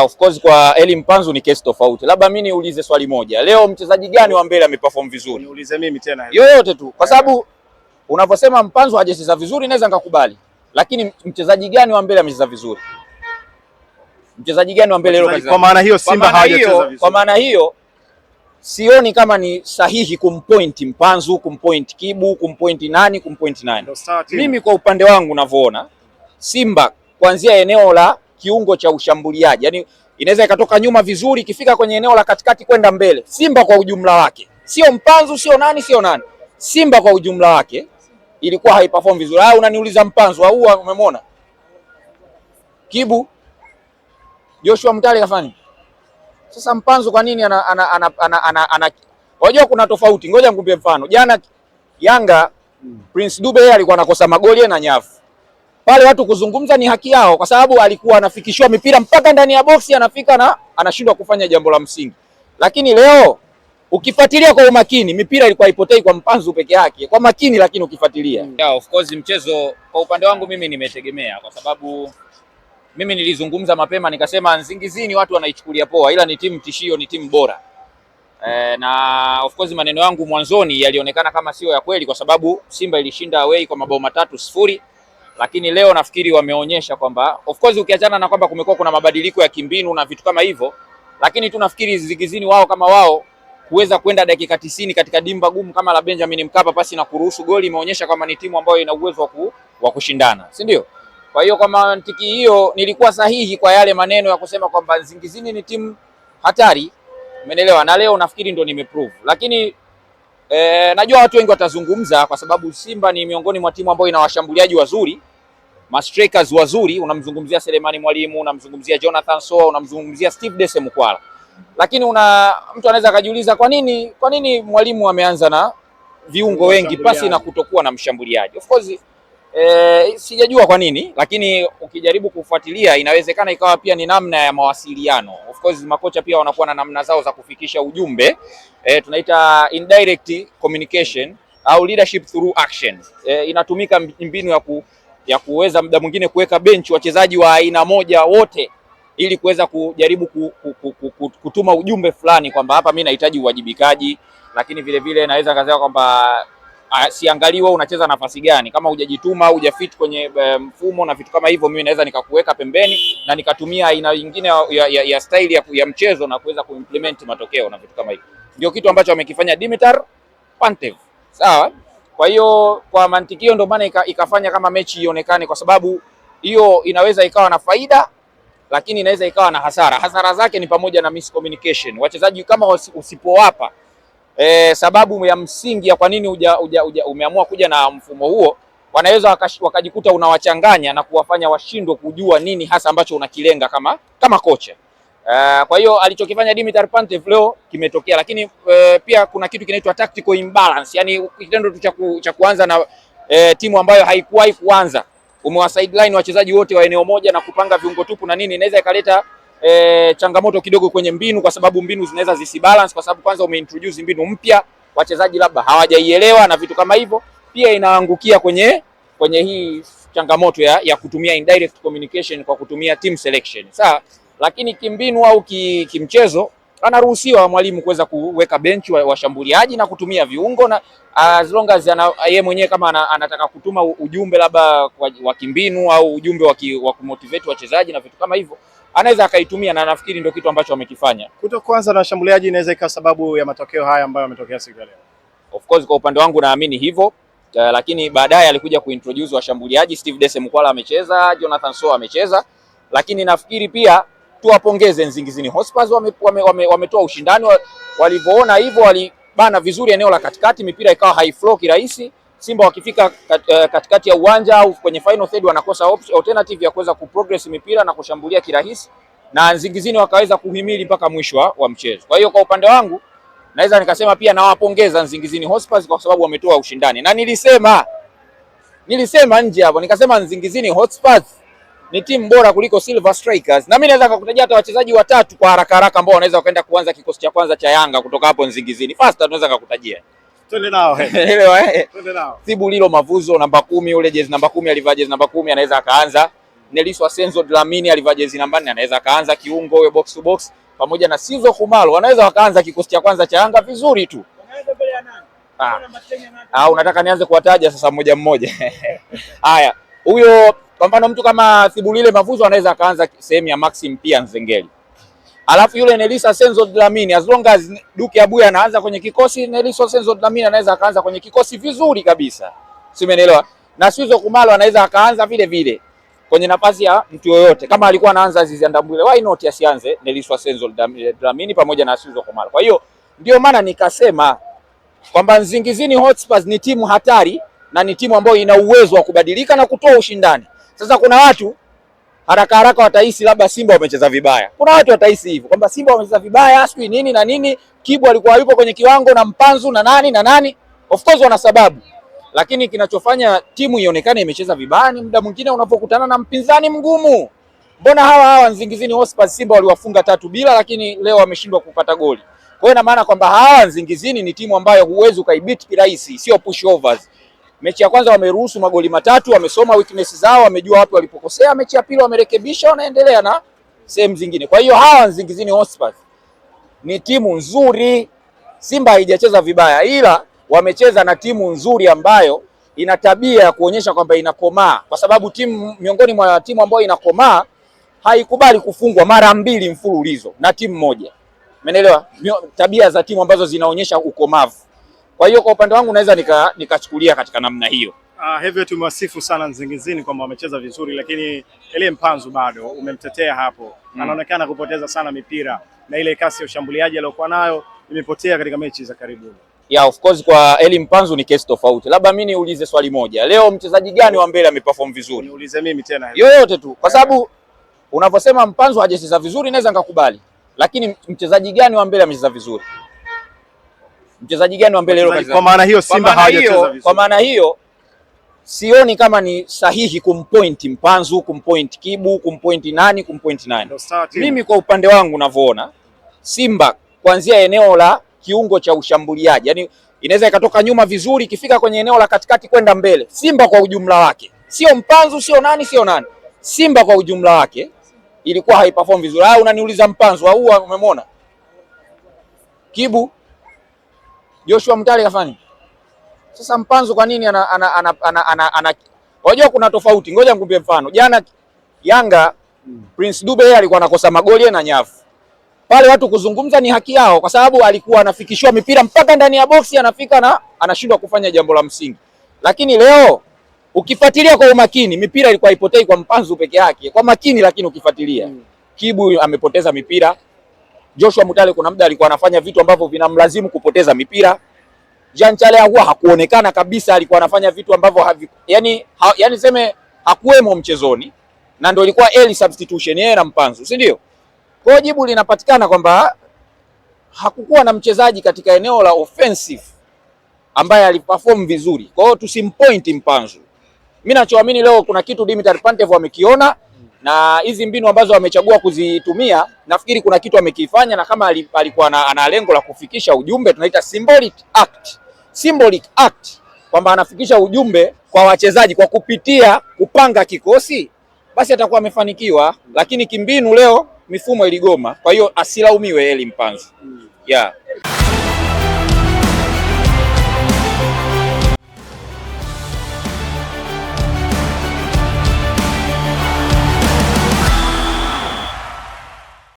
na ah, of course kwa Eli Mpanzu ni kesi tofauti. Labda mimi niulize swali moja, leo mchezaji gani wa mbele ameperform vizuri? Niulize mimi tena yoyote tu, kwa sababu unavyosema Mpanzu hajacheza vizuri, naweza nikakubali, lakini mchezaji gani wa mbele amecheza vizuri? Mchezaji gani wa mbele leo? Kwa maana hiyo Simba hajacheza vizuri. Kwa maana hiyo sioni kama ni sahihi kumpoint Mpanzu, kumpoint Kibu, kumpoint nani, kumpoint nani. Mimi kwa upande wangu navyoona Simba kuanzia eneo la kiungo cha ushambuliaji, yaani inaweza ikatoka nyuma vizuri, ikifika kwenye eneo la katikati kwenda mbele. Simba kwa ujumla wake, sio Mpanzu, sio nani, sio nani, Simba kwa ujumla wake ilikuwa haiperform vizuri. Ah, unaniuliza Mpanzu au umemwona Kibu Joshua Mtale kafani? Sasa Mpanzu kwa nini ana ana ana ana, ana, ana, kuna tofauti. Ngoja nikupe mfano. Jana Yanga Prince Dube alikuwa anakosa magoli na nyavu pale watu kuzungumza ni haki yao, kwa sababu alikuwa anafikishiwa mipira mpaka ndani ya boksi anafika na anashindwa kufanya jambo la msingi. Lakini leo ukifuatilia kwa umakini, mipira ilikuwa ipotei kwa mpanzu peke yake, kwa makini, lakini ukifuatilia mm. yeah, of course mchezo kwa upande wangu mimi nimetegemea, kwa sababu mimi nilizungumza mapema nikasema nzingizini watu wanaichukulia poa, ila ni timu tishio, ni timu bora e, na of course maneno yangu mwanzoni yalionekana kama sio ya kweli, kwa sababu Simba ilishinda away kwa mabao matatu sifuri lakini leo nafikiri wameonyesha kwamba of course ukiachana na kwamba kumekuwa kuna mabadiliko ya kimbinu na vitu kama hivyo, lakini tu nafikiri zigizini wao kama wao kuweza kwenda dakika tisini katika dimba gumu kama la Benjamin Mkapa pasi na kuruhusu goli imeonyesha kwamba ni timu ambayo ina uwezo wa kushindana, si ndio? Kwa hiyo kwa mantiki hiyo nilikuwa sahihi kwa yale maneno ya kusema kwamba Zingizini ni timu hatari, umeelewa? Na leo nafikiri ndo nimeprove, lakini E, najua watu wengi watazungumza kwa sababu Simba ni miongoni mwa timu ambayo ina washambuliaji wazuri, mastrikers wazuri. Unamzungumzia Selemani Mwalimu, unamzungumzia Jonathan Soa, unamzungumzia Steve Dese Mukwala, lakini una mtu anaweza akajiuliza kwa nini, kwa nini Mwalimu ameanza na viungo wengi pasi na kutokuwa na mshambuliaji? Of course E, sijajua kwa nini, lakini ukijaribu kufuatilia inawezekana ikawa pia ni namna ya mawasiliano. Of course makocha pia wanakuwa na namna zao za kufikisha ujumbe e, tunaita indirect communication au leadership through action. E, inatumika mbinu ya, ku, ya kuweza muda mwingine kuweka benchi wachezaji wa aina moja wote ili kuweza kujaribu ku, ku, ku, ku, kutuma ujumbe fulani kwamba hapa mimi nahitaji uwajibikaji, lakini vile vile naweza kasema kwamba Ah, siangaliwa unacheza nafasi gani, kama hujajituma hujafit kwenye eh, mfumo na vitu kama hivyo, mimi naweza nikakuweka pembeni na nikatumia aina nyingine ya, ya, ya style ya, ya mchezo na kuweza kuimplement matokeo na vitu kama hivyo. Ndio kitu ambacho amekifanya Dimitar Pantev, sawa. Kwa hiyo kwa hiyo ndio maana ikafanya kama mechi ionekane, kwa sababu hiyo inaweza ikawa na faida lakini inaweza ikawa na hasara. Hasara zake ni pamoja na miscommunication, wachezaji kama usipowapa e, sababu ya msingi ya kwa nini uja, uja, uja, umeamua kuja na mfumo huo, wanaweza wakajikuta unawachanganya na kuwafanya washindwe kujua nini hasa ambacho unakilenga kama kama kocha. Uh, kwa hiyo alichokifanya Dimitar Pantev leo kimetokea, lakini uh, pia kuna kitu kinaitwa tactical imbalance, yani kitendo tu cha kuanza na uh, timu ambayo haikuwahi kuanza, umewa sideline wachezaji wote wa eneo moja na kupanga viungo tupu na nini, inaweza ikaleta e, changamoto kidogo kwenye mbinu, kwa sababu mbinu zinaweza zisibalance, kwa sababu kwanza umeintroduce mbinu mpya, wachezaji labda hawajaielewa na vitu kama hivyo. Pia inaangukia kwenye kwenye hii changamoto ya, ya kutumia indirect communication kwa kutumia team selection sawa, lakini kimbinu au ki, kimchezo anaruhusiwa mwalimu kuweza kuweka benchi washambuliaji wa na kutumia viungo na as long as yeye mwenyewe kama ana, anataka kutuma ujumbe labda wa kimbinu au ujumbe wa kumotivate wachezaji na vitu kama hivyo, anaweza akaitumia, na nafikiri ndio kitu ambacho wamekifanya. Kuto kwanza na washambuliaji inaweza ikawa sababu ya matokeo haya ambayo yametokea siku ya leo. Of course kwa upande wangu naamini hivyo. Uh, lakini baadaye alikuja kuintroduce washambuliaji Steve Dese Mkwala amecheza, Jonathan Soa amecheza, lakini nafikiri pia tuwapongeze Nzingizini Hotspurs wametoa wame, wame, wame ushindani walivyoona hivyo, walibana vizuri eneo la katikati, mipira ikawa high flow kirahisi, Simba wakifika eh, katikati ya uwanja au kwenye final third wanakosa option, alternative ya kuweza kuprogress mipira na kushambulia kirahisi, na nzingizini wakaweza kuhimili mpaka mwisho wa mchezo. Kwa hiyo kwa upande wangu naweza nikasema pia nawapongeza Nzingizini Hotspurs kwa sababu wametoa ushindani, na nilisema nilisema nje hapo nikasema Nzingizini Hotspurs ni timu bora kuliko Silver Strikers, na mimi naweza kukutajia hata wachezaji watatu kwa haraka haraka ambao wanaweza wakaenda kuanza kikosi cha kwanza cha Yanga kutoka hapo Nzingizini. Fast naweza kukutajia Twende nao. Eh. Elewa eh. Twende nao. Lilo Mavuzo namba kumi ule jezi namba kumi alivaa jezi namba kumi anaweza akaanza. Neliso Asenzo Dlamini alivaa jezi namba 4 anaweza akaanza kiungo huyo box to box pamoja na Sizo Kumalo wanaweza wakaanza kikosi cha kwanza cha Yanga vizuri tu. Ah. Ah, unataka nianze kuwataja sasa mmoja mmoja. Haya, huyo kwa mfano mtu kama Thibulile Mavuzo anaweza akaanza sehemu ya Maxim pia Nzengeli. Alafu yule Nelisa Senzo Dlamini as long as Duke Abuya anaanza kwenye kikosi, Nelisa Senzo Dlamini anaweza akaanza kwenye kikosi vizuri kabisa. Si umeelewa? Na Suzo Kumalo anaweza akaanza vile vile kwenye nafasi ya mtu yoyote. Kama alikuwa anaanza Azizi Ndambwile, why not asianze Nelisa Senzo eh, Dlamini pamoja na Suzo Kumalo. Kwa hiyo ndio maana nikasema kwamba Nzingizini Hotspurs ni timu hatari na ni timu ambayo ina uwezo wa kubadilika na kutoa ushindani. Sasa kuna watu haraka haraka watahisi labda Simba wamecheza vibaya. Kuna watu watahisi hivyo kwamba Simba wamecheza vibaya, sijui nini na nini, Kibu alikuwa yupo kwenye kiwango na Mpanzu na nani na nani. Of course wana sababu, lakini kinachofanya timu ionekane imecheza vibaya ni muda mwingine unapokutana na mpinzani mgumu. Mbona hawa hawa Nzingizini Hotspur Simba waliwafunga tatu bila, lakini leo wameshindwa kupata goli. Kwa hiyo ina maana kwamba hawa Nzingizini ni timu ambayo huwezi ukaibiti kirahisi, sio pushovers. Mechi ya kwanza wameruhusu magoli matatu, wamesoma weakness zao, wamejua wapi walipokosea. Mechi ya pili wamerekebisha, wanaendelea na sehemu zingine. Kwa hiyo hawa Nzingizini Hotspurs ni timu nzuri. Simba haijacheza vibaya, ila wamecheza na timu nzuri ambayo ina tabia ya kuonyesha kwamba inakomaa, kwa sababu timu miongoni mwa timu ambayo inakomaa haikubali kufungwa mara mbili mfululizo na timu moja. Umeelewa tabia za timu ambazo zinaonyesha ukomavu. Kwa hiyo kwa upande wangu naweza nikachukulia nika katika namna hiyo. Uh, hivyo tumewasifu sana Nzingizini kwamba wamecheza vizuri, lakini ile mpanzu bado umemtetea hapo mm. Anaonekana kupoteza sana mipira na ile kasi ya ushambuliaji aliyokuwa nayo imepotea katika mechi za karibuni. Yeah, of course kwa Eli Mpanzu ni kesi tofauti. Labda mimi niulize swali moja, leo mchezaji gani wa mbele ameperform vizuri? Niulize mimi tena. Yoyote tu, kwa sababu unavyosema Mpanzu hajacheza vizuri, naweza nikakubali, lakini mchezaji gani wa mbele amecheza vizuri? mchezaji gani wa mbele leo? Kwa maana hiyo Simba hawajacheza vizuri. Kwa maana hiyo sioni kama ni sahihi kumpoint Mpanzu, kumpoint Kibu, kumpoint nani, kumpoint nani. Mimi kwa upande wangu navyoona Simba kuanzia eneo la kiungo cha ushambuliaji, yani inaweza ikatoka nyuma vizuri, ikifika kwenye eneo la katikati kwenda mbele. Simba kwa ujumla wake, sio Mpanzu, sio nani, sio nani. Simba kwa ujumla wake ilikuwa haiperform vizuri. Ah, unaniuliza Mpanzu au umemwona Kibu Joshua Mtale kafanya sasa. Mpanzo kwa nini ana ana ana ana, ana, ana. Unajua kuna tofauti, ngoja nikupe mfano. Jana Yanga hmm. Prince Dube yeye alikuwa anakosa magoli na nyavu pale, watu kuzungumza ni haki yao, kwa sababu alikuwa anafikishiwa mipira mpaka ndani ya boksi, anafika na anashindwa kufanya jambo la msingi. Lakini leo ukifuatilia kwa umakini, mipira ilikuwa ipotei kwa Mpanzu peke yake, kwa makini, lakini ukifuatilia hmm. Kibu amepoteza mipira Joshua Mutale kuna muda alikuwa anafanya vitu ambavyo vinamlazimu kupoteza mipira. Jean Chale huwa hakuonekana kabisa, alikuwa anafanya vitu ambavyo havi, yani, ha, yani seme hakuwemo mchezoni na ndio ilikuwa early substitution yeye na Mpanzu, si ndio? Kwa jibu linapatikana kwamba hakukuwa na mchezaji katika eneo la offensive ambaye aliperform vizuri. Kwa hiyo tusimpoint Mpanzu. Mimi nachoamini leo kuna kitu Dimitar Pantev amekiona na hizi mbinu ambazo amechagua kuzitumia, nafikiri kuna kitu amekifanya, na kama alikuwa ana lengo la kufikisha ujumbe, tunaita symbolic act, symbolic act kwamba anafikisha ujumbe kwa wachezaji kwa kupitia kupanga kikosi, basi atakuwa amefanikiwa. Lakini kimbinu leo mifumo iligoma, kwa hiyo asilaumiwe Eli Mpanzu mm. yeah.